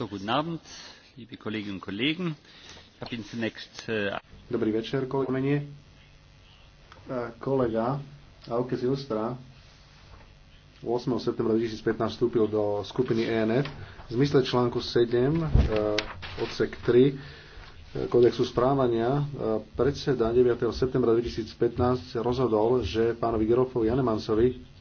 Äh, Dobrý večer, kolegomenie. Äh, kolega Auke z Justra 8. septembra 2015 vstúpil do skupiny ENF v zmysle článku 7 e, odsek 3 e, kodexu správania e, predseda 9. septembra 2015 rozhodol, že pánovi Gerofovi Janemansovi